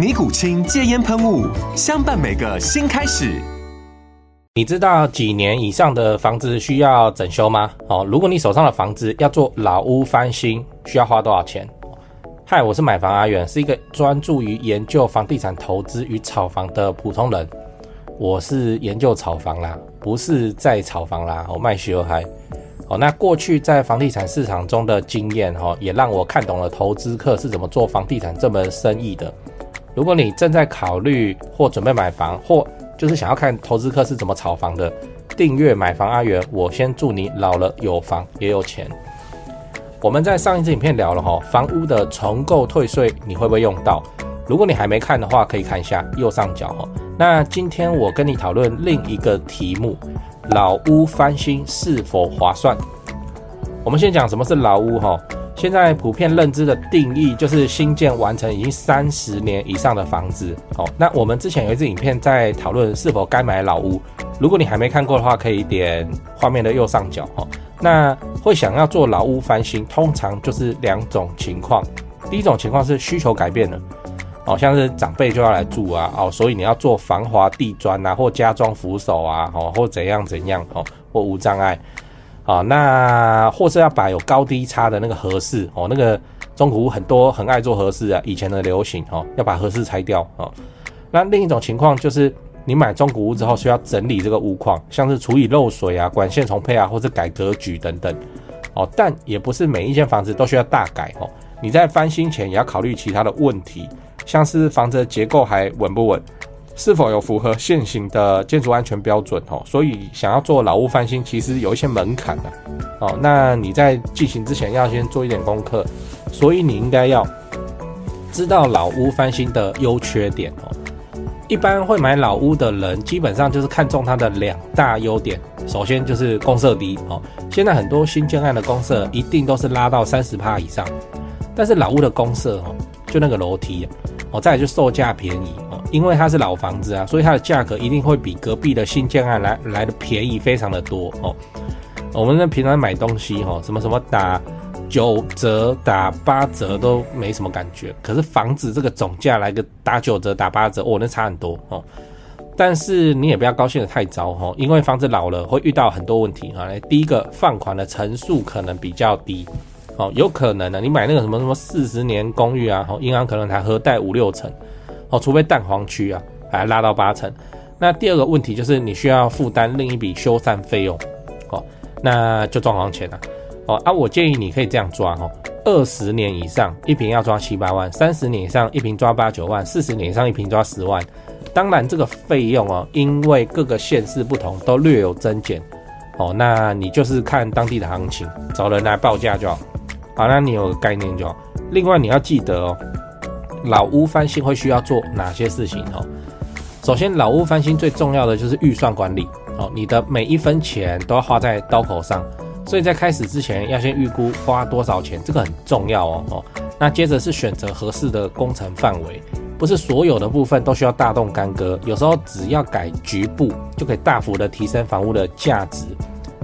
尼古清戒煙噴霧，相伴每個新開始。你知道幾年以上的房子需要整修嗎？哦，如果你手上的房子要做老屋翻新，需要花多少錢？嗨，我是買房阿元，是一個專注於研究房地產投資與炒房的普通人。我是研究炒房啦，不是在炒房啦，我、哦、賣學嗨哦，那過去在房地產市場中的經驗，哈，哦，也讓我看懂了投資客是怎麼做房地產這門生意的。如果你正在考慮或準備買房，或就是想要看投資客是怎麼炒房的，訂閱買房阿元，我先祝你老了有房也有錢。我們在上一支影片聊了哈，房屋的重購退稅你會不會用到？如果你還沒看的話，可以看一下右上角哈。那今天我跟你討論另一個題目，老屋翻新是否划算？我們先講什麼是老屋哈。現在普遍認知的定義就是新建完成已經三十年以上的房子哦。那我們之前有一支影片在討論是否該買老屋，如果你還沒看過的話，可以點畫面的右上角哦。那會想要做老屋翻新，通常就是兩種情況。第一種情況是需求改變了哦，像是長輩就要來住啊哦，所以你要做防滑地磚啊或加裝扶手啊哦或怎樣怎樣哦或無障礙。啊、哦，那或是要把有高低差的那個和室哦，那個中古屋很多很愛做和室啊，以前的流行哦，要把和室拆掉哦。那另一種情況就是，你買中古屋之後需要整理這個屋況，像是處理漏水啊、管線重配啊，或是改格局等等哦。但也不是每一間房子都需要大改哦，你在翻新前也要考慮其他的問題，像是房子的結構還穩不穩？是否有符合現行的建築安全標準哦？所以想要做老屋翻新，其實有一些門檻的、啊、哦。那你在進行之前，要先做一點功課。所以你應該要知道老屋翻新的優缺點哦。一般會買老屋的人，基本上就是看中它的兩大優點。首先就是公設低哦，現在很多新建案的公設一定都是拉到三十趴以上，但是老屋的公設哦，就那個樓梯、啊、哦，再就售價便宜。因為它是老房子啊，所以它的價格一定會比隔壁的新建案來來的便宜非常的多哦。我們在平常買東西哈，什麼什麼打九折、打八折都沒什麼感覺，可是房子這個總價來個打九折、打八折，我、哦、那差很多哦。但是你也不要高興得太早哈，因為房子老了會遇到很多問題啊、哦。第一個，放款的成數可能比較低哦，有可能呢，你買那個什麼什麼四十年公寓啊，後銀行可能還核貸五六成。哦，除非蛋黃區啊，把它、啊、拉到八成。那第二個問題就是你需要負擔另一筆修繕費用，哦，那就裝潢錢了、啊。哦，啊，我建議你可以這樣抓哦，二十年以上一坪要抓七八萬，三十年以上一坪抓八九萬，四十年以上一坪抓十萬。當然這個費用哦、啊，因為各個縣市不同，都略有增減。哦，那你就是看當地的行情，找人來報價就好。好，那你有個概念就好。另外你要記得哦。老屋翻新會需要做哪些事情哦？首先，老屋翻新最重要的就是預算管理哦，你的每一分錢都要花在刀口上，所以在開始之前要先預估花多少錢，這個很重要哦哦。那接着是選擇合適的工程範圍，不是所有的部分都需要大動干戈，有時候只要改局部就可以大幅的提升房屋的價值，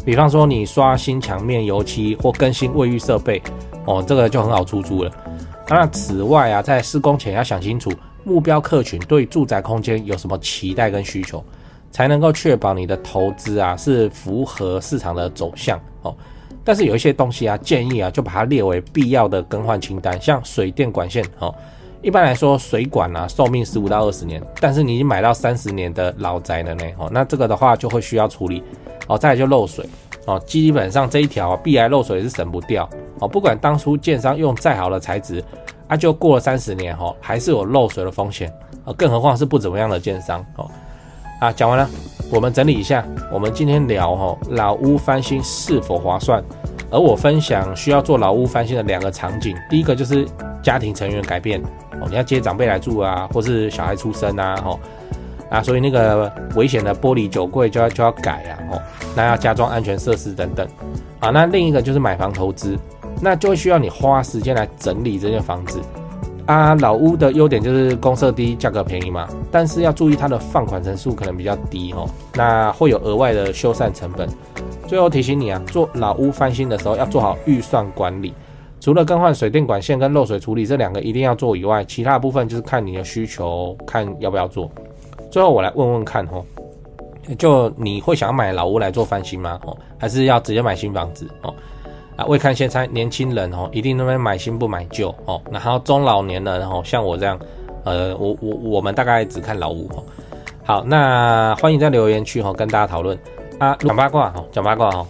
比方說你刷新牆面油漆或更新衛浴設備哦，這個就很好出租了。那此外啊，在施工前要想清楚，目標客群對住宅空間有什麼期待跟需求，才能夠確保你的投資啊是符合市場的走向哦。但是有一些東西啊，建議啊，就把它列為必要的更換清單，像水電管線哦。一般來說，水管啊壽命十五到二十年，但是你已經買到三十年的老宅了呢哦，那這個的話就會需要處理哦。再來就漏水。哦，基本上這一條啊，必然漏水也是省不掉。哦，不管當初建商用再好的材質，啊，就過了三十年，哈，還是有漏水的風險。啊，更何況是不怎麼樣的建商。哦，啊，講完了，我們整理一下。我們今天聊，哈，老屋翻新是否划算？而我分享需要做老屋翻新的兩個場景，第一個就是家庭成員改變，哦，你要接長輩來住啊，或是小孩出生啊，哈。啊，所以那個危險的玻璃酒櫃就要就要改啊，哦，那要加裝安全設施等等。啊，那另一個就是買房投資，那就會需要你花時間來整理這間房子。啊，老屋的優點就是公設低、價格便宜嘛，但是要注意它的放款成數可能比較低哦，那會有額外的修繕成本。最後提醒你啊，做老屋翻新的時候要做好預算管理，除了更換水電管線跟漏水處理這兩個一定要做以外，其他的部分就是看你的需求，看要不要做。最後我來問問看哦，就你會想要買老屋來做翻新嗎？哦，還是要直接買新房子哦？啊，為看現在年輕人哦，一定那邊買新不買舊哦。然後中老年人哦，像我這樣，呃，我我我們大概只看老屋哦。好，那歡迎在留言區哦跟大家討論啊，講八卦哦，講八卦哦。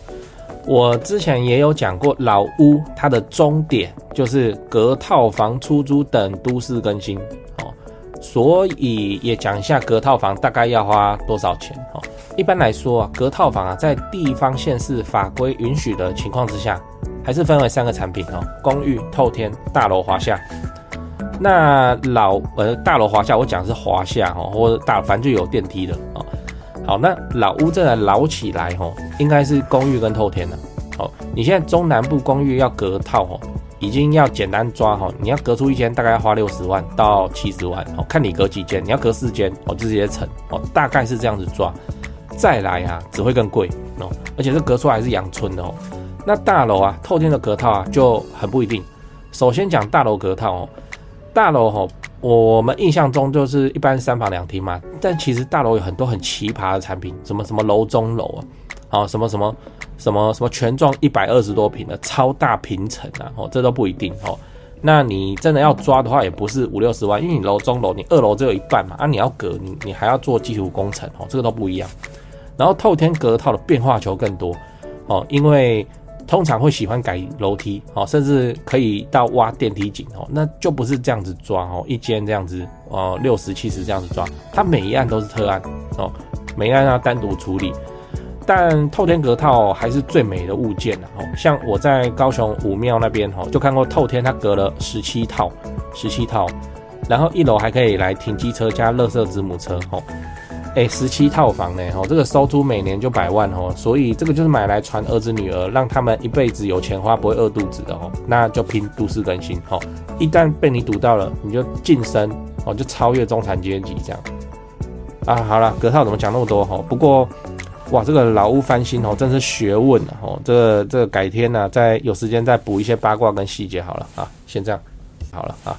我之前也有講過老屋它的終點就是隔套房出租等都市更新。所以也講一下隔套房大概要花多少錢哈？一般來說啊，隔套房啊，在地方縣市法規允許的情況之下，還是分為三個產品哦：公寓、透天、大樓華廈。那老呃大樓華廈，我講的是華廈哦，或者大凡就有電梯的哦。好，那老屋這樣老起來哦，應該是公寓跟透天的。好，你現在中南部公寓要隔套哦。已經要簡單抓哈，你要隔出一間，大概要花六十萬到七十萬哦，看你隔幾間，你要隔四間哦，就直接乘哦，大概是這樣子抓，再來啊只會更貴哦，而且是隔出來是陽春的哦。那大樓啊，透天的隔套啊就很不一定。首先講大樓隔套哦，大樓哦，我們印象中就是一般三房兩廳嘛，但其實大樓有很多很奇葩的產品，什麼什麼樓中樓啊，好什麼什麼。什麼什麼全幢一百二十多坪，的超大平層啊，哦，這都不一定哦。那你真的要抓的話，也不是五六十萬，因為你樓中樓，你二樓只有一半嘛，啊，你要隔，你你還要做基礎工程哦，這個都不一樣。然後透天隔套的變化球更多哦，因為通常會喜歡改樓梯哦，甚至可以到挖電梯井哦，那就不是這樣子抓哦，一間這樣子哦，六十七十這樣子抓，它每一案都是特案哦，每一案要、啊、單獨處理。但透天隔套還是最美的物件，啊、像我在高雄武廟那邊就看過透天，它隔了十七套，十七套，然後一樓還可以來停機車加垃圾子母車吼，十七套房呢？吼，這個收租每年就百萬哦。所以這個就是買來傳兒子女兒，讓他們一輩子有錢花，不會餓肚子的哦。那就拼都市更新吼，一旦被你堵到了，你就晉升哦，就超越中產階級這樣。啊，好了，隔套怎麼講那麼多吼，不過。哇，這個老屋翻新哦，真是學問哦、啊。這個、這個改天呢、啊，再有時間再補一些八卦跟細節好了啊。先這樣，好了啊。